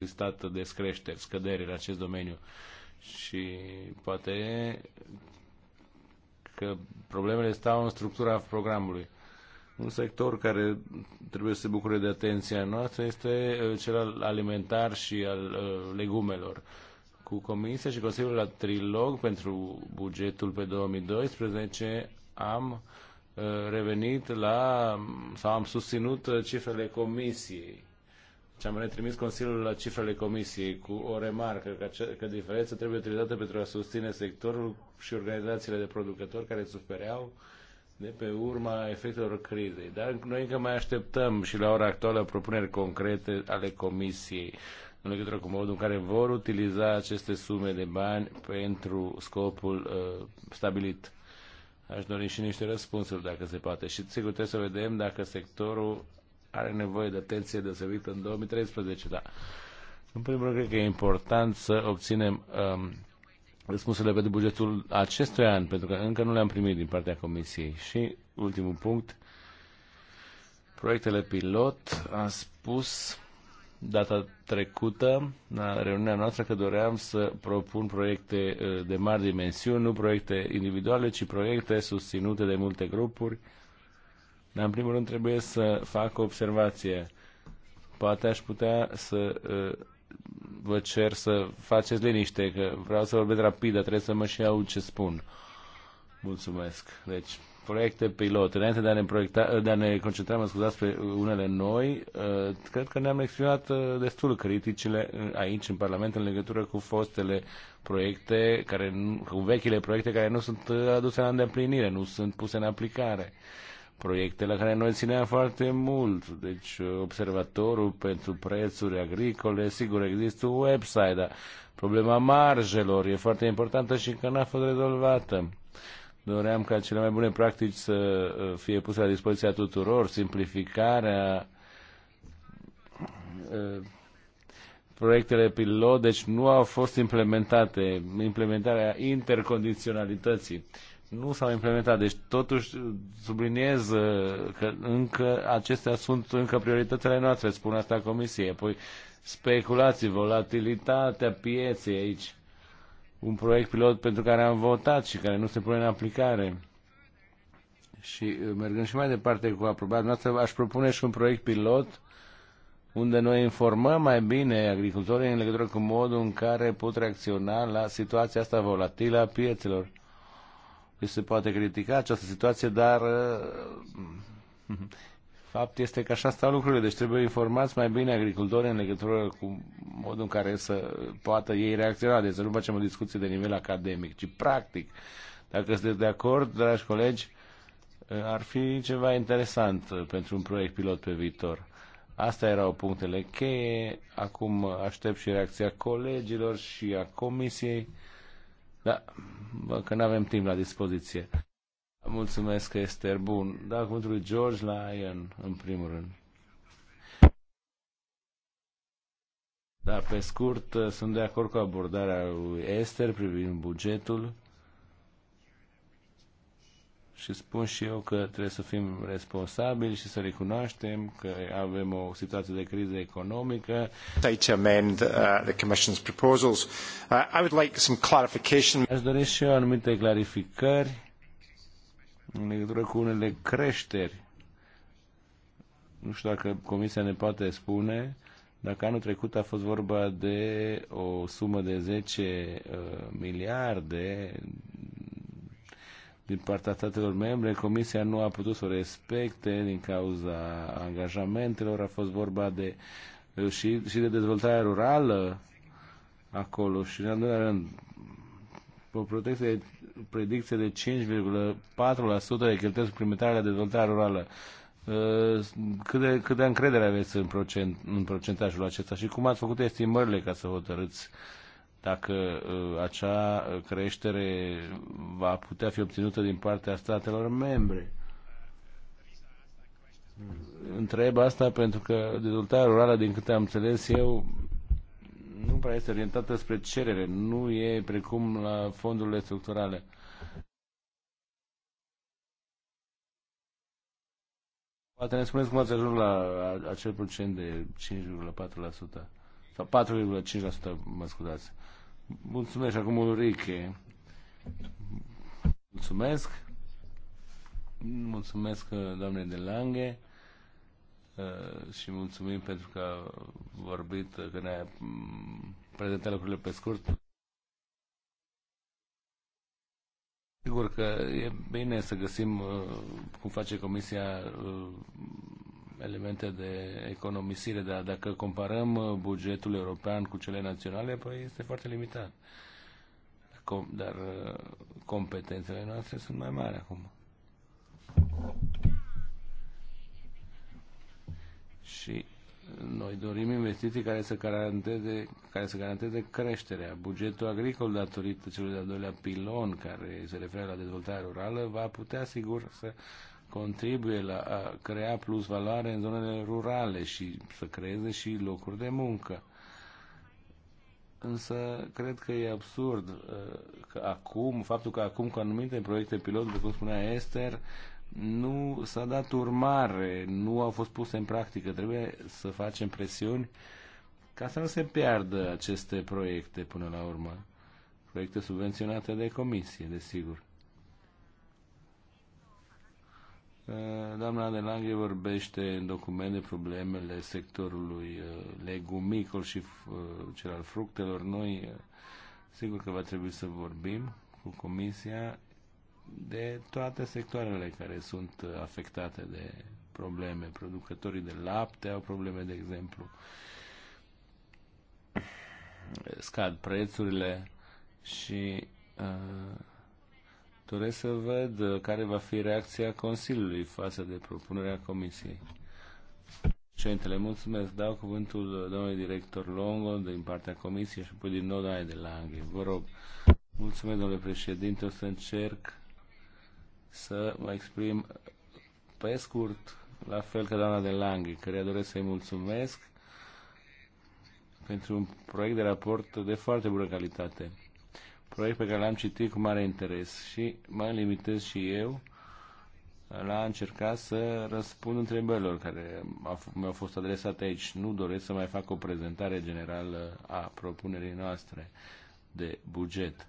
existat descreșteri, scăderi în acest domeniu și poate că problemele stau în structura programului. Un sector care trebuie să se bucure de atenția noastră este uh, cel al alimentar și al uh, legumelor. Cu Comisia și Consiliul la Trilog pentru bugetul pe 2012 am uh, revenit la, sau am susținut cifrele Comisiei și am retrimis Consiliul la cifrele Comisiei cu o remarcă că, că diferența trebuie utilizată pentru a susține sectorul și organizațiile de producători care sufereau de pe urma efectelor crizei. Dar noi încă mai așteptăm și la ora actuală propuneri concrete ale Comisiei în legătură cu modul în care vor utiliza aceste sume de bani pentru scopul uh, stabilit. Aș dori și niște răspunsuri, dacă se poate. Și sigur trebuie să vedem dacă sectorul are nevoie de atenție deosebită în 2013. Da. În primul rând, cred că e important să obținem um, răspunsurile pentru bugetul acestui an, pentru că încă nu le-am primit din partea Comisiei. Și ultimul punct, proiectele pilot, a spus data trecută, la reuniunea noastră, că doream să propun proiecte uh, de mari dimensiuni, nu proiecte individuale, ci proiecte susținute de multe grupuri dar în primul rând trebuie să fac o observație. Poate aș putea să uh, vă cer să faceți liniște, că vreau să vorbesc rapid, dar trebuie să mă și aud ce spun. Mulțumesc. Deci, proiecte pilot. Înainte de a ne, proiecta, uh, de a ne concentra, mă scuzați, pe unele noi, uh, cred că ne-am exprimat destul criticile aici, în Parlament, în legătură cu fostele proiecte, care, cu vechile proiecte care nu sunt aduse la îndeplinire, nu sunt puse în aplicare proiecte la care noi țineam foarte mult. Deci, uh, observatorul pentru prețuri agricole, sigur, există un website, dar problema marjelor e foarte importantă și că n-a fost rezolvată. Doream ca cele mai bune practici să uh, fie puse la dispoziția tuturor, simplificarea, uh, proiectele pilot, deci nu au fost implementate, implementarea intercondiționalității nu s-au implementat. Deci, totuși, subliniez uh, că încă acestea sunt încă prioritățile noastre, spun asta comisie. Apoi, speculații, volatilitatea pieței aici. Un proiect pilot pentru care am votat și care nu se pune în aplicare. Și uh, mergând și mai departe cu aprobat. noastră, aș propune și un proiect pilot unde noi informăm mai bine agricultorii în legătură cu modul în care pot reacționa la situația asta volatilă a piețelor se poate critica această situație, dar uh, fapt este că așa stau lucrurile, deci trebuie informați mai bine agricultorii în legătură cu modul în care să poată ei reacționa, deci să nu facem o discuție de nivel academic, ci practic. Dacă sunteți de acord, dragi colegi, uh, ar fi ceva interesant uh, pentru un proiect pilot pe viitor. Astea erau punctele cheie. Acum aștept și reacția colegilor și a comisiei. Da, bă, că nu avem timp la dispoziție. Mulțumesc, Esther. Bun. Da, cuvântul lui George Lyon, în primul rând. Da, pe scurt, sunt de acord cu abordarea lui Esther privind bugetul și spun și eu că trebuie să fim responsabili și să recunoaștem că avem o situație de criză economică. To amend uh, the Commission's proposals, uh, I would like some clarification. Aș dori și eu anumite clarificări în legătură cu unele creșteri. Nu știu dacă Comisia ne poate spune dacă anul trecut a fost vorba de o sumă de 10 uh, miliarde din partea statelor membre. Comisia nu a putut să o respecte din cauza angajamentelor. A fost vorba de și, și de dezvoltarea rurală acolo și, în al doilea rând, o protecție, predicție de 5,4% de cheltuieli suplimentare la dezvoltarea rurală. Ă, cât de, cât de încredere aveți în, procent, în procentajul acesta și cum ați făcut estimările ca să hotărâți uh, dacă uh, acea creștere va putea fi obținută din partea statelor membre. Întreb asta pentru că dezvoltarea rurală, din câte am înțeles eu, nu prea este orientată spre cerere, nu e precum la fondurile structurale. Poate ne spuneți cum ați ajuns la acel procent de 5,4% sau 4,5%, mă scuzați. Mulțumesc acum, Ulrike. Mulțumesc. Mulțumesc, doamne de Lange și mulțumim pentru că a vorbit, că ne-a prezentat lucrurile pe scurt. Sigur că e bine să găsim, uh, cum face Comisia, uh, elemente de economisire, dar dacă comparăm uh, bugetul european cu cele naționale, păi este foarte limitat. Dar uh, competențele noastre sunt mai mari acum. Și noi dorim investiții care să garanteze, care să garanteze creșterea. Bugetul agricol datorită celui de-al doilea pilon care se referă la dezvoltarea rurală va putea sigur să contribuie la a crea plus valoare în zonele rurale și să creeze și locuri de muncă. Însă cred că e absurd uh, că acum, faptul că acum cu anumite proiecte pilot, după cum spunea Esther, nu s-a dat urmare, nu au fost puse în practică. Trebuie să facem presiuni ca să nu se piardă aceste proiecte până la urmă. Proiecte subvenționate de comisie, desigur. Eh, doamna de Lange vorbește în documente problemele sectorului eh, legumicol și eh, cel al fructelor. Noi sigur că va trebui să vorbim cu Comisia de toate sectoarele care sunt afectate de probleme. Producătorii de lapte au probleme, de exemplu. Scad prețurile și uh, Doresc să văd uh, care va fi reacția Consiliului față de propunerea Comisiei. Centele, mulțumesc. Dau cuvântul uh, domnului director Longo din partea Comisiei și apoi din nou doamne de Langhe. Vă rog. Mulțumesc, domnule președinte. O să încerc să mă exprim pe scurt, la fel ca doamna de Langhe, care doresc să-i mulțumesc pentru un proiect de raport de foarte bună calitate proiect pe care l-am citit cu mare interes și mă limitez și eu la a încerca să răspund întrebărilor care mi-au fost adresate aici. Nu doresc să mai fac o prezentare generală a propunerii noastre de buget.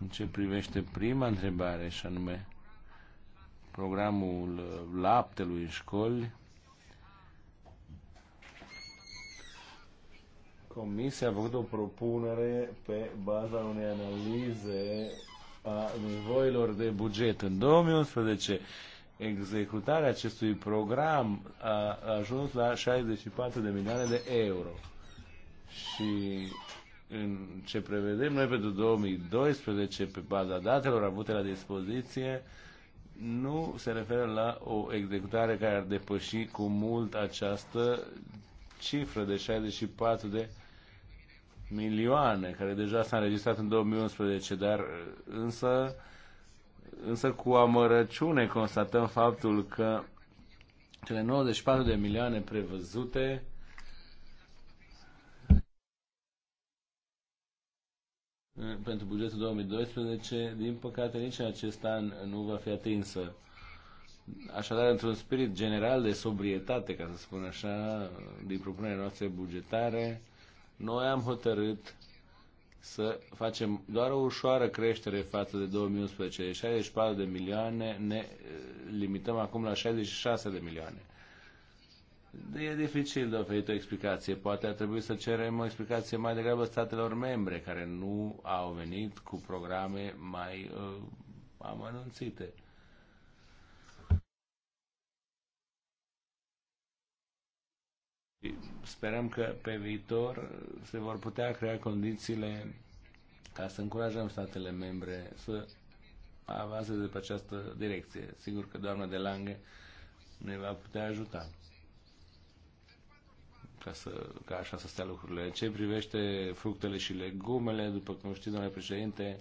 În ce privește prima întrebare, și anume programul uh, laptelui în școli, Comisia a făcut o propunere pe baza unei analize a nevoilor de buget. În 2011, executarea acestui program a ajuns la 64 de milioane de euro. Și în ce prevedem noi pentru 2012, pe baza datelor avute la dispoziție, nu se referă la o executare care ar depăși cu mult această cifră de 64 de milioane, care deja s-a înregistrat în 2011, dar uh, însă, însă cu amărăciune constatăm faptul că cele 94 de milioane prevăzute uh, pentru bugetul 2012, din păcate nici în acest an nu va fi atinsă. Așadar, într-un spirit general de sobrietate, ca să spun așa, din propunerea noastră bugetare, noi am hotărât să facem doar o ușoară creștere față de 2011. 64 de milioane, ne eh, limităm acum la 66 de milioane. E dificil de oferit o explicație. Poate ar trebui să cerem o explicație mai degrabă statelor membre care nu au venit cu programe mai uh, amănunțite. sperăm că pe viitor se vor putea crea condițiile ca să încurajăm statele membre să avanseze pe această direcție. Sigur că doamna de Lange ne va putea ajuta ca, să, ca așa să stea lucrurile. Ce privește fructele și legumele, după cum știți, domnule președinte,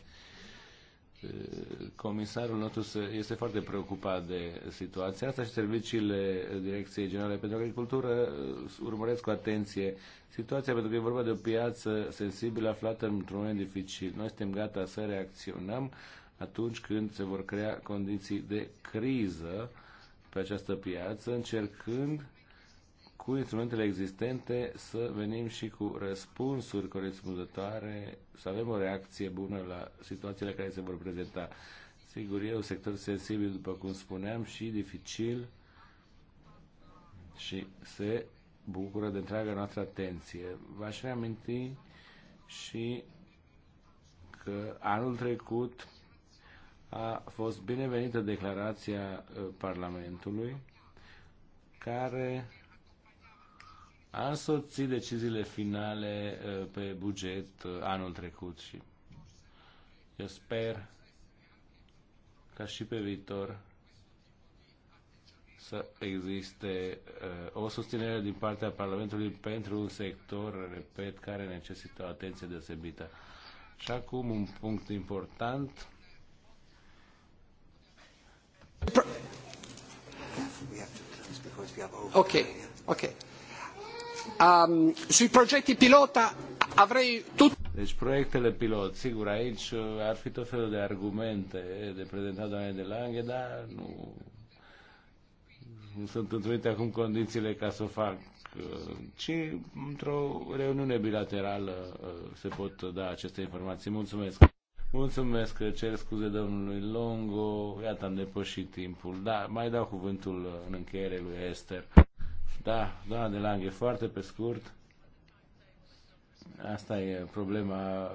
comisarul nostru este foarte preocupat de situația asta și serviciile Direcției Generale pentru Agricultură uh, urmăresc cu atenție situația pentru că e vorba de o piață sensibilă aflată într-un moment dificil. Noi suntem gata să reacționăm atunci când se vor crea condiții de criză pe această piață, încercând cu instrumentele existente să venim și cu răspunsuri corespunzătoare, să avem o reacție bună la situațiile care se vor prezenta. Sigur, e un sector sensibil, după cum spuneam, și dificil și se bucură de întreaga noastră atenție. V-aș reaminti și că anul trecut a fost binevenită declarația uh, Parlamentului care a însoțit deciziile finale uh, pe buget uh, anul trecut și eu sper ca și pe viitor să existe uh, o susținere din partea Parlamentului pentru un sector, repet, care necesită o atenție deosebită. Și acum un punct important. Ok, ok. Um, sui progetti pilota avrei tutto. Deci proiectele pilot, sigur, aici uh, ar fi tot felul de argumente de prezentat doamne de Lange, dar nu, nu sunt întâlnite acum condițiile ca să o fac, uh, ci într-o reuniune bilaterală uh, se pot da aceste informații. Mulțumesc! Mulțumesc cer scuze domnului Longo, iată am depășit timpul, dar mai dau cuvântul în încheiere lui Esther. Da, doamna de Lange, foarte pe scurt. Asta e problema uh,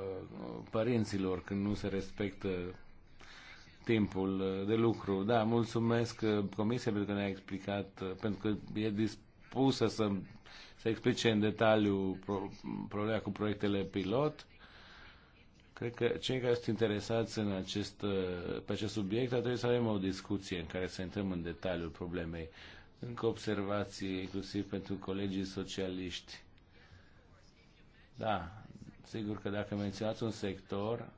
părinților când nu se respectă timpul uh, de lucru. Da, mulțumesc uh, Comisia pentru că ne-a explicat, pentru că e dispusă să, să explice în detaliu pro, problema cu proiectele pilot. Cred că cei care sunt interesați în acest, pe acest subiect ar trebui să avem o discuție în care să intrăm în detaliul problemei. Încă observații, inclusiv pentru colegii socialiști. Da, sigur că dacă menționați un sector,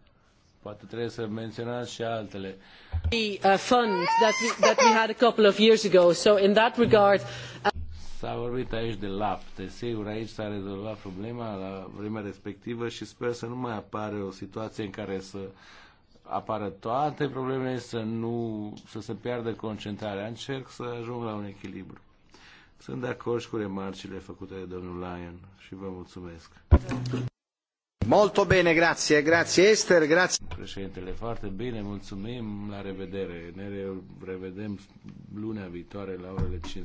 poate trebuie să menționați și altele. The uh, fund that we, that we had a couple of years ago, so in that regard... S-a vorbit aici de lapte, sigur, aici s-a rezolvat problema la vremea respectivă și sper să nu mai apare o situație în care să apară toate problemele, să nu să se piardă concentrarea. Încerc să ajung la un echilibru. Sunt de acord și cu remarcile făcute de domnul Lyon și vă mulțumesc. Molto bene, grazie, grazie Esther, grazie. Președintele, foarte bine, mulțumim, la revedere. Ne revedem lunea viitoare la orele 5.